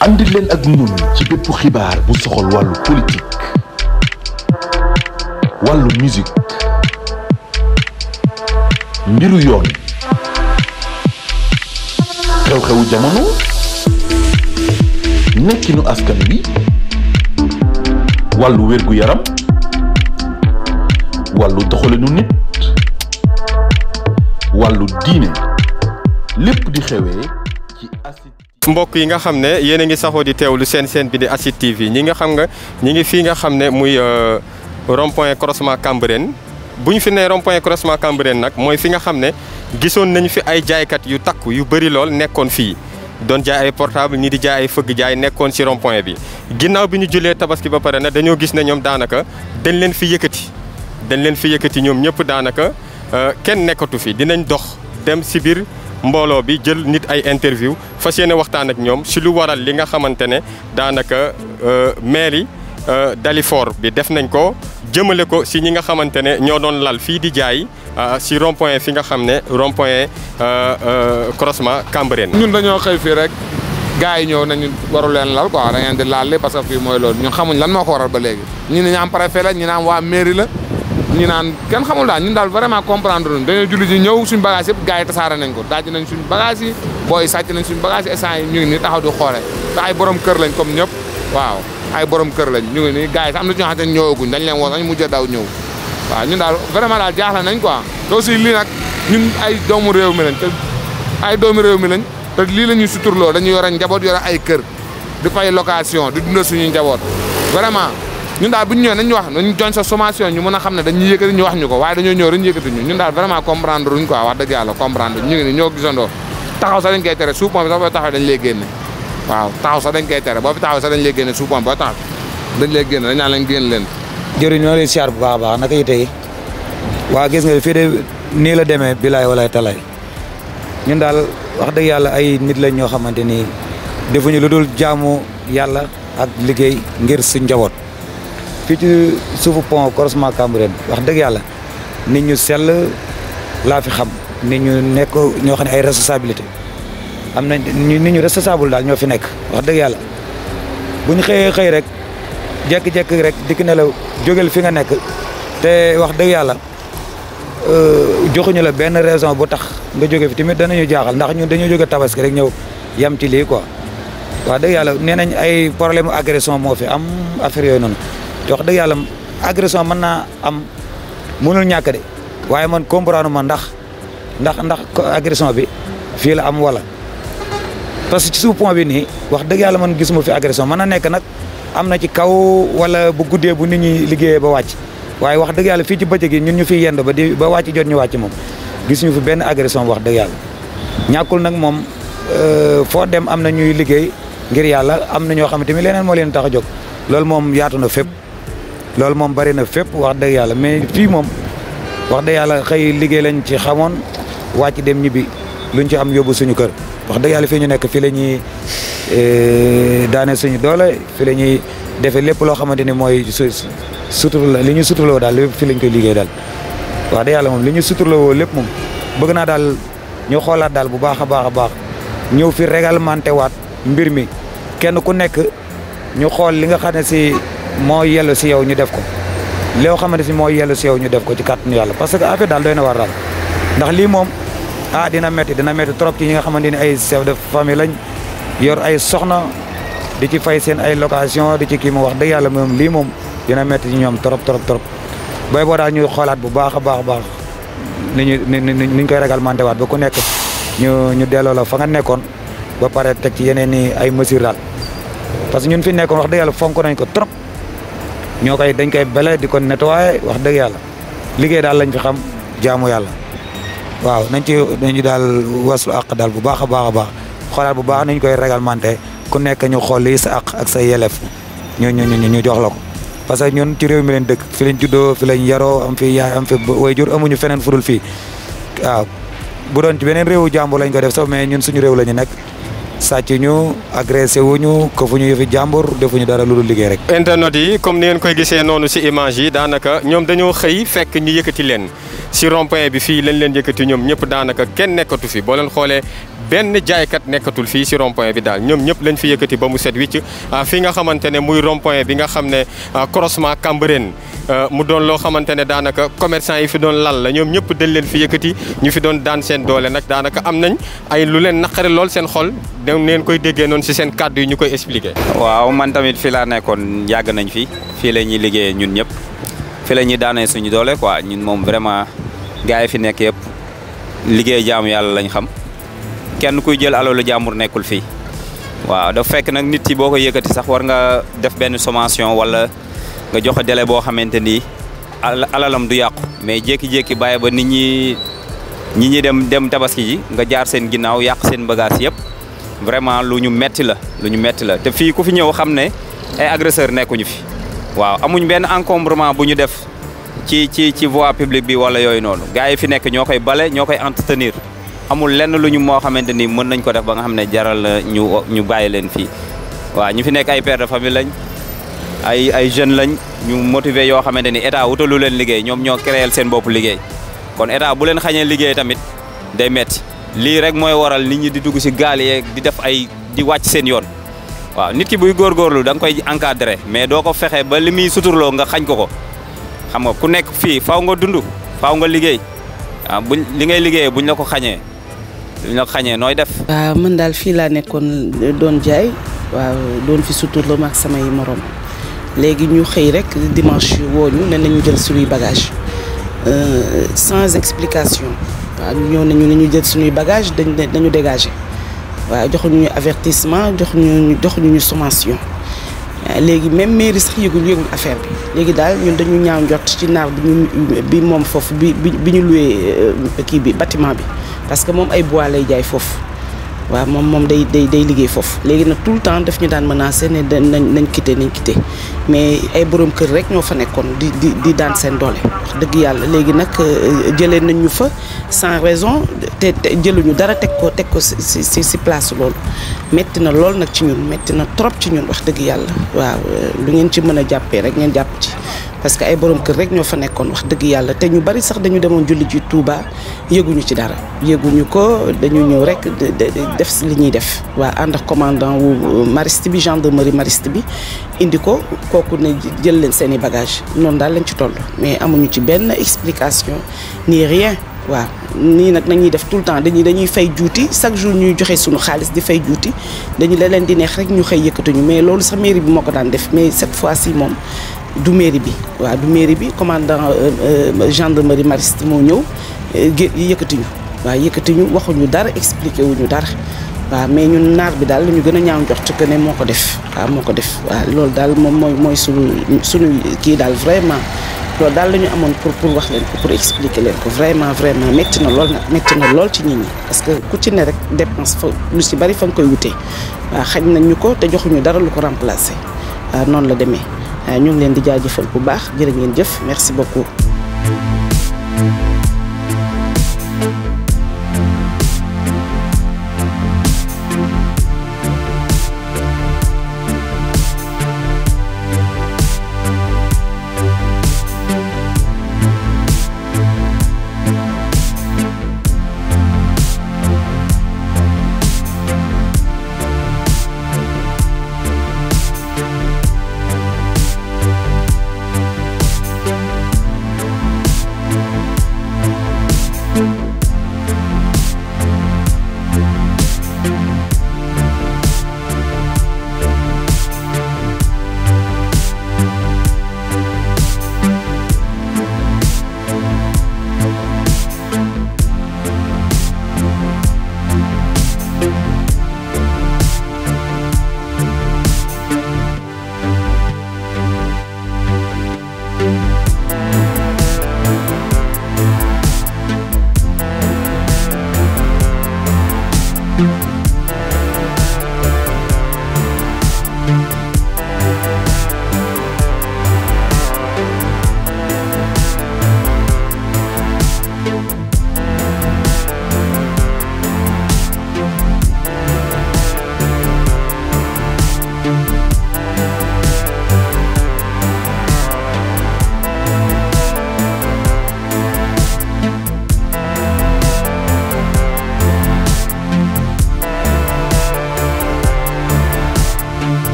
àndil leen ak ñun ci bépp xibaar bu soxol wàllu politique wàllu musique mbiru yoon xew-xewu jamono nekkinu askan wi wàllu wérgu yaram wàllu doxalinu nit wàllu diine lépp di xewee mbokk yi nga xam ne yéen a ngi saxoo di lu seen seen bi di ASID TV ñi nga xam nga ñi ngi fii nga xam ne muy euh, rond-point croisement Cambérène bu ñu fi ne rond-point croisement nag mooy fi nga xam ne gisoon nañ fi ay jaaykat yu takku yu bëri lool nekkoon fii doon jaay ay portable ñi di jaay ay fëgg jaay nekkoon ci rond bi ginnaaw bi ñu jullee tabaski ba pare na dañoo gis na ñoom daanaka dañ leen fi yëkkati dañ leen fi yëkkati ñoom ñëpp daanaka euh, kenn nekkatu fi dinañ dox dem si biir mbooloo bi jël nit ay interview fas yéene waxtaan ak ñoom si lu waral li nga xamante ne daanaka euh, mairie euh, Dalifort bi def nañ ko jëmale ko si ñi nga xamante ne ñoo doon lal fii di jaay euh, si rond fi nga xam ne rond point croisement Cambérène. ñun dañoo xëy fii rek gars yi ñëw nañu waru leen lal quoi da ngeen di laal parce que fii mooy loolu ñun xamuñ lan moo ko waral ba léegi. ñu ne ñaam préfet la ñu naan waa mairie la. ñu naan kenn xamul daal ñun daal vraiment comprendre luñ dañoo julli ji ñëw suñ bagage yëpp gars yi tasaare nañ ko daaj nañ suñ bagage yi booy sàcc nañ suñ bagage yi instant ñu ngi nii taxaw di xoole te ay borom kër lañ comme ñëpp waaw ay borom kër lañ ñu ngi nii gars yi am na ci ñoo xamante ne ñëwaguñ dañ leen woon dañ mujj daw ñëw waaw ñun daal vraiment daal jaaxle nañ quoi te aussi lii nag ñun ay doomu réew mi lañ ta ay doomu réew mi lañ te lii la ñuy suturloo dañu yore njaboot yore ay kër di fay location di dundal suñuy njaboot vraiment ñun daal bu ñu ñëwee nañ ñu wax nañ joñ sa sommation ñu mën a xam ne dañuy yëkkati ñu wax ñu ko waaye dañoo ñëw dañu ñu ñun daal vraiment comprendre ruñ quoi wax dëgg yàlla comprendre ñu ngi ni ñoo gisandoo taxaw sax dañ koy tere suuf moom sax boo taxaw dañ lay génne waaw taxaw sax dañ koy tere boo fi taxaw sax dañ lay génne suuf moom boo taxaw dañ lay génne dañ naan leen génn leen jëriñ ñoo leen siyaar bu baax a baax naka yi tey waa gis nga fi de nii la demee bilaay walaay talaay ñun daal wax dëgg yàlla ay nit lañ ñoo xamante ni defuñu lu dul jaamu yàlla ak liggéey ngir suñ njaboot fii ci suufu pont croisement Cambérène wax dëgg yàlla nit ñu sell laa fi xam ni ñu nekk ñoo xam ne ay responsabilité am na ni ñu responsable daal ñoo fi nekk wax dëgg yàlla bu ñu xëyee xëy rek jekki-jekki rek dikk ne la jógel fi nga nekk te wax dëgg yàlla euh, joxuñu la benn raison bu tax nga jóge fi tamit danañu jaaxal ndax ñu dañoo jóge tabaski rek ñëw yam ci lii quoi wax dëgg yàlla nee nañ ay problème agression moo fi am affaire yooyu noonu te wax dëgg yàlla agression mën naa am mënul ñàkk de waaye man comprendre ma ndax ndax ndax agression bi fii la am wala parce que ci suuf point bi nii wax dëgg yàlla man gisuma fi agression mën na nekk nag am ci kaw wala bu guddee bu nit ñi liggéeyee ba wàcc waaye wax dëgg yàlla fii ci bëccëg ñun ñu fiy yend ba di ba wàcc jot ñu wàcc moom gisuñu fi benn agression wax dëgg yàlla ñàkkul nag moom euh, foo dem am na ñuy liggéey ngir yàlla am na ñoo xam ne tamit leneen moo leen tax a jóg loolu moom yaatu na fépp loolu moom bari na fépp wax dëgg yàlla mais fii moom wax dëgg yàlla xëy liggéey lañ ci xamoon wàcc dem ñibbi luñ ci am yóbbu suñu kër wax dëgg yàlla fii ñu nekk fii la ñuy eh, daane suñu doole fii la ñuy defee lépp loo xamante ni mooy sutur la li ñu suturloo daal lépp fii lañ koy liggéey daal wax dëgg yàlla moom li ñu suturloo lépp moom bëgg naa daal ñu xoolaat daal bu baax a baax a baax ñëw fi réglementé waat mbir mi kenn ku nekk ñu xool li nga xam si moo yellu si yow ñu def ko loo xamante si moo yellu si yow ñu def ko ci kàttanu yàlla parce que affaire daal doy na war daal ndax lii moom a ah, dina métti dina métti trop ci ñi nga xamante ni ay chef de famille lañ yor ay soxna di ci fay seen ay location di ci kii mu wax dëgg yàlla moom lii moom dina métti ci ñoom trop trop trop booy boo daal ñu xoolaat bu baax a baax a baax ni ñu ni ñu koy réglementé waat ba ku nekk ñu ñu delloo fa nga nekkoon ba pare teg ci yeneen i ay mesures daal que ñun fi wax dëgg yàlla fonk nañ ko trop. ñoo koy dañ koy bele di ko nettoyé wax dëgg yàlla liggéey daal lañ fi xam jaamu yàlla waaw nañ ci nañu daal waslu àq daal bu baax a baax a baax xoolaat bu baax nañ koy réglementé ku nekk ñu xool lii sa àq ak sa yelef ñu ñu ñu ñu jox la ko parce que ñun ci réew mi leen dëkk fi lañ juddoo fi lañ yaroo am fi yaay am fi jur amuñu feneen fudul fii waaw bu doon ci beneen réewu jàmbur lañ ko def sax mais ñun suñu réew la ñu nekk sàcc ñu agressé wu ñu këfuñu yëfi jàmbur defuñu dara lu dul liggéey rek. internet yi comme ni ngeen koy gisee noonu ci image yi daanaka ñoom dañoo xëy fekk ñu yëkkati leen si rond bi fii lañ leen yëkkati ñoom ñëpp daanaka kenn nekkatu fi boo leen xoolee benn jaaykat nekkatul fii si rond bi daal ñoom ñëpp lañ fi yëkkati ba mu set wicc ah, fi nga xamante ne muy bi nga xam ne ah, croisement Cambérène ah, mu doon loo xamante ne daanaka commerçant yi fi doon lal la ñoom ñëpp dañ leen fi yëkkati ñu fi doon daan seen doole nag daanaka am nañ ay lu leen naqare lool seen xool dem leen koy déggee noonu si seen kàddu yi ñu koy expliqué. waaw man tamit fi laa nekkoon yàgg nañ fi fii la ñuy liggéeyee ñun ñëpp fi la ñuy daanee suñu doole quoi ñun moom vraiment. gaa yi fi nekk yëpp liggéey jaamu yàlla lañ xam kenn kuy jël alalu jàmbur nekkul fii waaw da fekk nag nit yi boo ko yëkkati sax war nga def benn sommation wala nga joxe délai boo xamante ni alalam du yàqu mais jékki-jékki bàyyi ba nit ñi ñi ñi dem dem tabaski nga jaar seen ginnaaw yàq seen bagage yëpp vraiment lu ñu metti la lu ñu metti la te fii ku fi ñëw xam ne ay agresseur nekkuñu fi waaw amuñ benn encombrement bu ñu def ci ci ci voie publique bi wala yooyu noonu gars yi fi nekk ñoo koy bale ñoo koy entretenir amul lenn lu ñu moo xamante ni mën nañ ko def ba nga xam ne jaral ñu ñu bàyyi leen fii waaw ñu fi nekk ay père de famille lañ ay ay jeunes lañ ñu motiver yoo xamante ni état wutalu leen liggéey ñoom ñoo créer seen bopp liggéey kon état bu leen xañee liggéey tamit day metti lii rek mooy waral nit ñi di dugg si gaal yeeg di def ay di wàcc seen yoon waaw nit ki buy góorgóorlu da nga koy encadrer mais doo ko fexe ba li muy suturloo nga xañ ko ko xam nga ku nekk fii faw nga dund faw nga liggéey ah buñ li ngay liggéeyee ñu la ko xañee buñ la ko xañee nooy def. waaw ah, man daal fii laa nekkoon doon jaay waaw doon fi suturloo ma ak samay morom léegi ñu xëy rek dimanche woo ñu na nañu jël suñuy bagage euh, sans explication waaw ñëw nañu ne ñu jël suñuy bagage dañu dañu dégagé waaw joxuñu ñu avertissement joxuñu ñu joxuñu ñu sommation. léegi même mairie sax yëgul yëgul affaire bi léegi daal ñun dañu ñaaw njot ci naar bi ñu bi moom foofu bi bi ñu loué euh, kii bi batiment bi parce que moom ay bois lay jaay foofu waaw moom moom day day day liggéey foofu léegi nag tout le temps daf ñu daan menacé ne nañ nañ quitté nañ quitté mais ay borom kër rek ñoo fa nekkoon di di di daan seen doole wax dëgg yàlla léegi nag euh, jëlee nañ ñu fa sans raison te jëluñu dara teg ko teg ko si si si place loolu metti na lool nag ci ñun metti na trop ci ñun wax dëgg yàlla waaw euh, lu ngeen ci mën a jàppee rek ngeen jàpp ci parce que ay borom kër rek ñoo fa nekkoon wax dëgg yàlla te ñu bari sax dañu demoon julli ji Touba yëguñu ci dara yëguñu ko dañu ñëw rek def li ñuy def waa ànd ak commandant wu euh, mariste bi gendarmerie mariste bi indi ko kooku ne jël leen seen i bagage noonu daal lañ ci toll mais amuñu ci benn explication ni rien waa nii nag nañuy def tout le temps dañuy dañuy fay juuti chaque jour ñuy joxe suñu xaalis di fay juuti dañu la leen di neex rek ñu xëy yëkkatuñu mais loolu sax mairie bi moo ko daan def mais cette fois ci moom du mairie bi waaw du mairie bi commandant euh, euh, gendarmerie mariste moo ñëw yëkkati euh, yëkkatiñu waaw yëkkatiñu waxuñu dara expliqué wuñu dara waaw mais ñun naar bi daal la ñu gën a ñaaw njort que ne moo ko def waaw moo ko def waa loolu daal moom mooy mooy suñu suñu kii daal vraiment loolu daal lañu amoon pour pour wax leen ko pour expliquer leen ko vraiment vraiment métti na lool nag métti na lool ci nit ñi parce que ku ci ne rek dépense fa lu si bari fa nga koy wutee waa xañ nañ ñu ko te joxuñu dara lu ko remplacer noonu la demee ñu ngi leen di jaajëfal bu baax jërë ngeen jëf merci beaucoup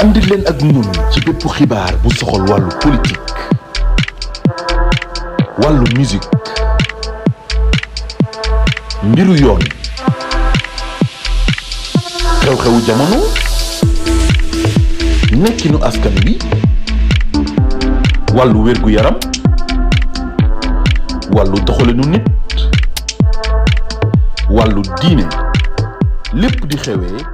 àndi leen ak ñun ci bépp xibaar bu soxal wàllu politique wàllu musique mbiru yoon xew-xewu jamono nekkinu askan wi wàllu wérgu yaram wàllu doxalinu nit wàllu diine lépp di xewee